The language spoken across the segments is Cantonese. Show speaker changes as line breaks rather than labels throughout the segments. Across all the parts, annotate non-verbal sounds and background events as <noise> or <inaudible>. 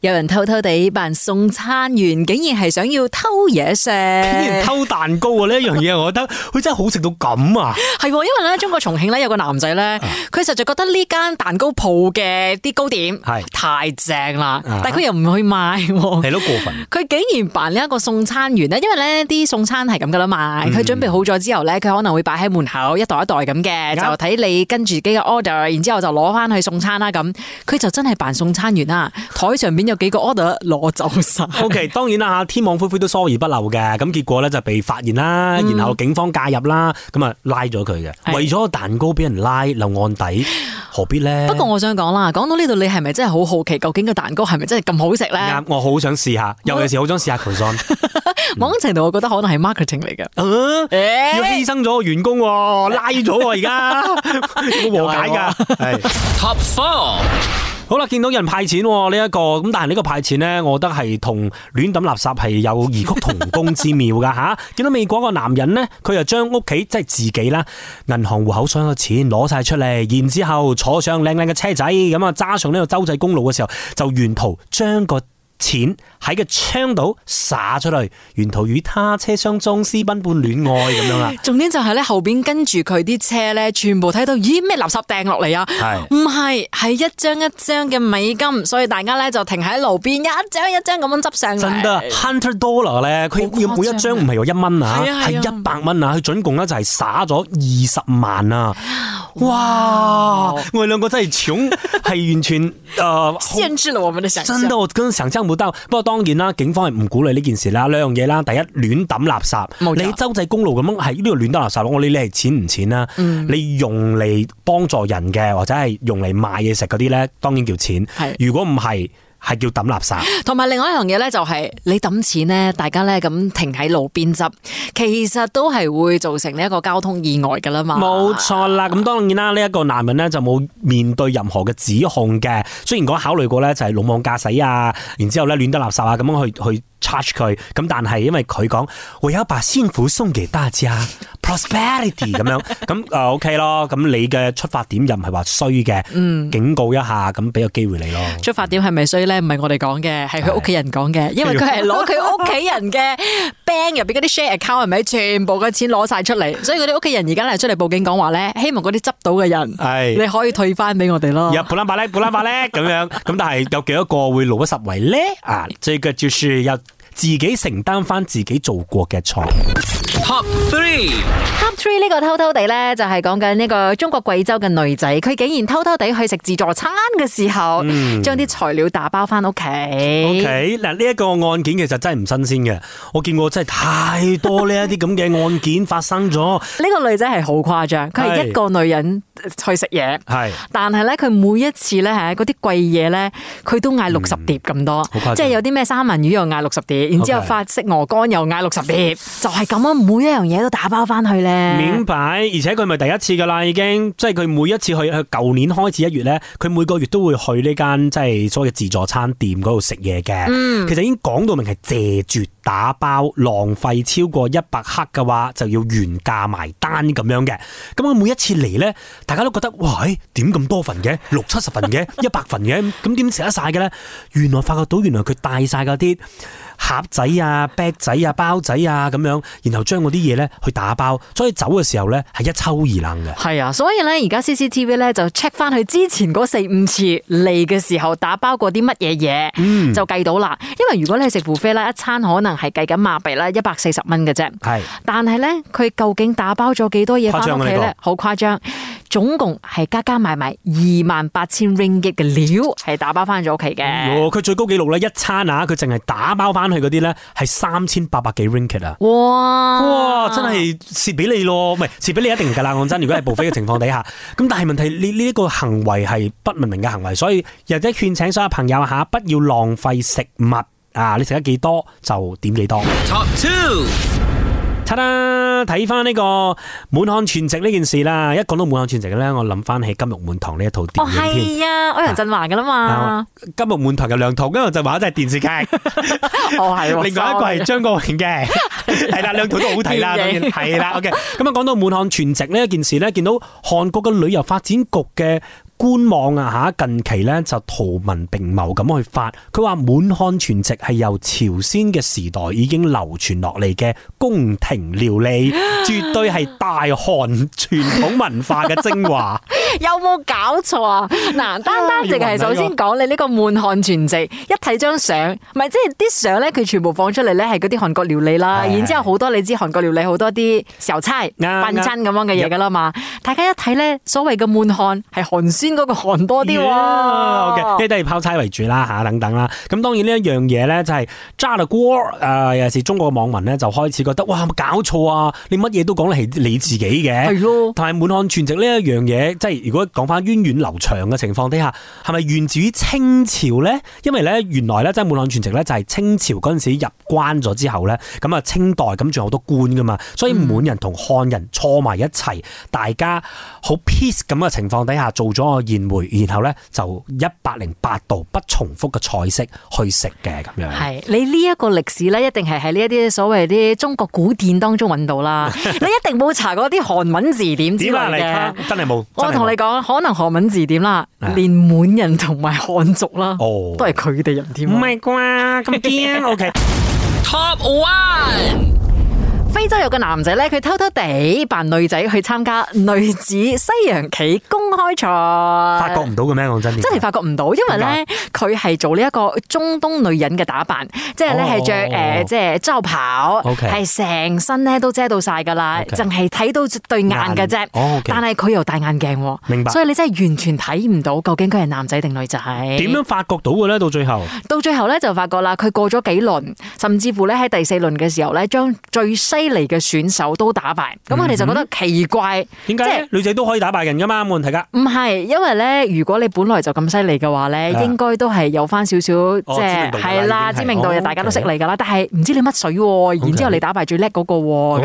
有人偷偷哋扮送餐員，竟然係想要偷嘢食，竟然偷
蛋糕啊！呢一樣嘢，我覺得佢真係好食到咁啊！
係， <laughs> 因為咧，中國重慶咧有個男仔咧，佢、啊、實就覺得呢間蛋糕鋪嘅啲糕點係太正啦，啊、但佢又唔去買喎，係咯，過分。佢竟然扮呢一個送餐員咧，因為咧啲送餐係咁噶啦嘛，佢、嗯、準備好咗之後咧，佢可能會擺喺門口一袋一袋咁嘅，就睇你跟住自己嘅 order，然之後就攞翻去送餐啦咁。佢就真係扮送餐員啦，台上面。嗯、有幾個 order 攞走晒。
<laughs> o、okay, K，當然啦，吓天網恢恢都疏而不漏嘅，咁結果咧就被發現啦，然後警方介入啦，咁啊拉咗佢嘅，嗯嗯為咗蛋糕俾人拉，留案底何必咧、嗯？不過
我想講啦，講到呢度，你係咪真係好好奇，究竟個蛋糕係咪真係咁好食咧？
我好想試下，尤其是好想試下。
某程度，我覺得可能係 marketing 嚟嘅， <laughs>
要犧牲咗個員工，拉咗而家，冇解噶。Top four。好啦，見到人派錢呢一個，咁但係呢個派錢呢，我覺得係同亂抌垃圾係有異曲同工之妙噶吓，啊。見到美國個男人呢，佢又將屋企即係自己啦，銀行戶口上嘅錢攞晒出嚟，然之後坐上靚靚嘅車仔，咁啊揸上呢個州際公路嘅時候，就沿途將個。錢喺個窗度灑出去，沿途與他車廂中私奔般戀愛咁樣啦。
<laughs> 重點就係咧後邊跟住佢啲車咧，全部睇到咦咩垃圾掟落嚟啊？係唔係？係一張一張嘅美金，所以大家咧就停喺路邊一張一張咁樣執上嚟。真噶
hundred dollar 咧，佢要每一張唔係話一蚊啊，係一百蚊啊，佢、啊、總共咧就係灑咗二十萬啊！哇，哇我哋兩個真係窮，係完全誒限
制了我們的想象真
噶，我跟想象。冇得，不過當然啦，警方係唔鼓勵呢件事啦。兩樣嘢啦，第一亂抌垃圾，錯你周際公路咁樣係呢度亂抌垃圾咯。我呢啲係錢唔錢啦、啊？嗯、你用嚟幫助人嘅，或者係用嚟買嘢食嗰啲咧，當然叫錢。是如果唔係。係叫抌垃圾，
同埋另外一樣嘢咧，就係你抌錢咧，大家咧咁停喺路邊執，其實都係會造成呢一個交通意外噶啦嘛。冇
錯啦，咁當然啦，呢、這、一個男人咧就冇面對任何嘅指控嘅，雖然講考慮過咧就係魯莽駕駛啊，然之後咧亂抌垃圾啊，咁樣去去。charge 佢，咁但係因為佢講會有一把仙斧送給大家，prosperity 咁樣，咁誒 ok 咯，咁你嘅出發點又唔係話衰嘅，嗯，警告一下，咁俾個機會你咯。
出發點係咪衰咧？唔係我哋講嘅，係佢屋企人講嘅，因為佢係攞佢屋企人嘅 bank 入邊嗰啲 share account 係咪？全部嘅錢攞晒出嚟，所以佢哋屋企人而家係出嚟報警講話咧，希望嗰啲執到嘅人，係你可以退翻俾我哋咯。有
補翻百叻，補翻百叻咁樣，咁但係有幾多個會露骨十圍咧？啊，即係就樹有。自己承擔翻自己做過嘅錯。Top
three，Top three 呢個偷偷地呢，就係講緊呢個中國貴州嘅女仔，佢竟然偷偷地去食自助餐嘅時候，將啲、嗯、材料打包翻屋企。
OK，嗱，呢一個案件其實真係唔新鮮嘅，我見過真係太多呢一啲咁嘅案
件發生咗。呢 <laughs> 個女仔係好誇張，佢係一個女人去食嘢，係是，但係呢，佢每一次呢，吓嗰啲貴嘢呢，佢都嗌六十碟咁多，嗯、即係有啲咩三文魚又嗌六十碟。然之後，法式鵝肝又嗌六十碟，Okay. 就係咁樣！每一樣嘢都打包翻去咧。明
擺，而且佢咪第一次噶啦，已經即係佢每一次去，佢舊年開始一月咧，佢每個月都會去呢間即係所謂自助餐店嗰度食嘢嘅。嗯、其實已經講到明係謝絕打包，浪費超過一百克嘅話，就要原價埋單咁樣嘅。咁佢每一次嚟咧，大家都覺得喂，點咁多份嘅，六七十份嘅，一百份嘅，咁點食得晒嘅咧？原來發覺到，原來佢帶晒嗰啲。盒仔啊、bag 仔啊、包仔啊咁樣，然後將嗰啲嘢咧去打包，所以走嘅時候咧係一抽二揈嘅。
係啊，所以咧而家 CCTV 咧就 check 翻去之前嗰四五次嚟嘅時候打包過啲乜嘢嘢，嗯、就計到啦。因為如果你食 buffet 啦，一餐可能係計緊馬幣啦，一百四十蚊嘅啫。係是，但係咧佢究竟打包咗幾多嘢翻屋企咧？好誇張。總共係加加埋埋二萬八千 ringgit 嘅料，係打包翻咗屋企嘅。哦，佢最高紀錄呢，一餐啊，
佢淨係打包翻去嗰啲呢，係三千八百幾 ringgit 啊！
哇哇，真係
蝕俾你咯，唔係蝕俾你一定噶啦。講真，如果係暴飛嘅情況底下，咁但係問題你呢一個行為係不文明嘅行為，所以又者勸請所有朋友吓，不要浪費食物啊！你食得幾多就點幾多。Top two。睇翻呢個滿漢全席呢件事啦，一講到滿漢全席咧，我諗翻起金玉滿堂呢一套電影添。
係、哦、啊，歐陽震華嘅啦嘛、啊。
金玉滿堂有兩套，歐陽震華即係電視劇，
<laughs> 哦係，啊、另外一個係張
國榮嘅，係、啊、 <laughs> 啦，兩套都好睇啦，氣當然係啦。OK，咁啊講到滿漢全席呢一件事咧，見到韓國嘅旅遊發展局嘅官網啊！嚇，近期咧就圖文並茂咁去發，佢話滿漢全席係由朝鮮嘅時代已經流傳落嚟嘅宮廷料理。絕對係大韓傳統文化嘅精華，
<laughs> 有冇搞錯啊？嗱、啊，單單淨係首先講你呢個滿漢全席，一睇張相，唔係即係啲相咧，佢全部放出嚟咧係嗰啲韓國料理啦，是的 然之後好多你知韓國料理好多啲油差、扮真咁樣嘅嘢噶啦嘛。大家一睇咧，所謂嘅滿漢係寒酸嗰個寒多啲、啊 oh yeah，OK，即都
係泡菜為主啦吓、啊，等等啦。咁、啊啊、當然呢一樣嘢咧，就係炸大鍋誒，尤其是中國嘅網民咧，就開始覺得哇，冇搞錯啊，你乜？嘢都講得係你自己嘅，係咯的。但係滿漢全席呢一樣嘢，即係如果講翻源遠流長嘅情況底下，係咪源自於清朝呢？因為呢，原來呢，即係滿漢全席呢，就係清朝嗰陣時入關咗之後呢，咁啊，清代咁仲有好多官噶嘛，所以滿人同漢人坐埋一齊，大家好 peace 咁嘅情況底下做咗個宴會，然後呢，就一百零八道不重複嘅菜式去食嘅咁樣。
係你呢一個歷史呢，一定係喺呢一啲所謂啲中國古典當中揾到啦。 <laughs> 你一定冇查過啲韓文字典只之類嘅，真係冇。我同你講，可能韓文字典啦， <laughs> 連滿人同埋漢族啦，哦，都係佢哋人添。唔係啩？咁驚 OK。Top one，非洲有個男仔咧，佢偷偷哋扮女仔去參加女子西洋棋公。開錯，發覺唔到
嘅咩？講真，真係發
覺唔到，因為咧佢係做呢一個中東女人嘅打扮，即係咧係着誒，即係罩袍，係成身咧都遮到晒噶啦，淨係睇到對眼噶啫。但係佢又戴眼鏡，明白，所以你真係完全睇唔到究竟佢係男仔定女仔。點樣
發覺到嘅咧？到最後，
到最後咧就發覺啦，佢過咗幾輪，甚至乎咧喺第四輪嘅時候咧，將最犀利嘅選手都打敗。咁我哋就覺得
奇怪，點解女仔都可以打敗人噶嘛，冇問題噶。
唔係，因為咧，如果你本來就咁犀利嘅話咧，應該都係有翻少少，即係係啦，知名度大家都識你噶啦。但係唔知你乜水，然之後你打敗最叻嗰個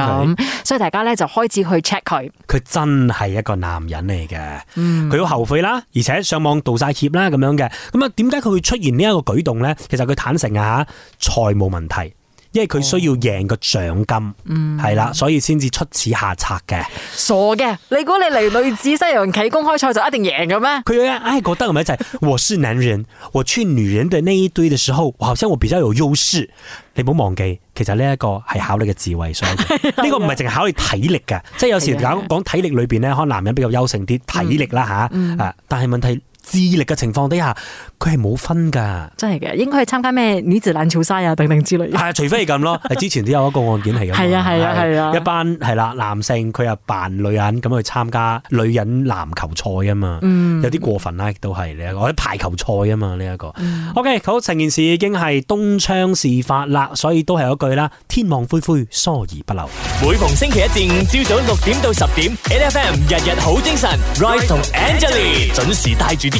咁，所以大家咧就開始去 check 佢。
佢真係一個男人嚟嘅，佢好後悔啦，而且上網道晒歉啦，咁樣嘅。咁啊，點解佢會出現呢一個舉動咧？其實佢坦誠啊，吓財務問題。因為佢需要贏個獎金，係啦、嗯，所以先至出此下策嘅。
傻嘅，你估你嚟女子西洋棋公開賽就一定贏嘅咩？
佢唉，覺得咪就係，我是男人， <laughs> 我穿女人的呢一堆嘅時候，我好像我比較有優勢。你唔好忘記，其實呢一個係考你嘅智慧，所以呢個唔係淨係考你體力嘅。 <laughs> <laughs> 即係有時講講體力裏邊咧，可能男人比較優勝啲體力啦吓。誒、嗯，嗯、但係問題。智力嘅情況底下，佢係冇分噶，
真係嘅，應該係參加咩女子籃球賽啊等等之類。係啊，
除非係咁咯。係之前都有一個案件係咁。係 <laughs> 啊，係啊，係啊。一班係啦，男性佢又扮女人咁去參加女人籃球賽啊嘛。嗯、有啲過分啦，亦都係咧。或、這、者、個、排球賽啊嘛，呢一個。OK，好，成件事已經係東窗事發啦，所以都係一句啦，天網恢恢，疏而不漏。每逢星期一至五朝早六點到十點，N F M 日日，日，日，好好日好精神。Ray 同 Angelina 準時帶住啲。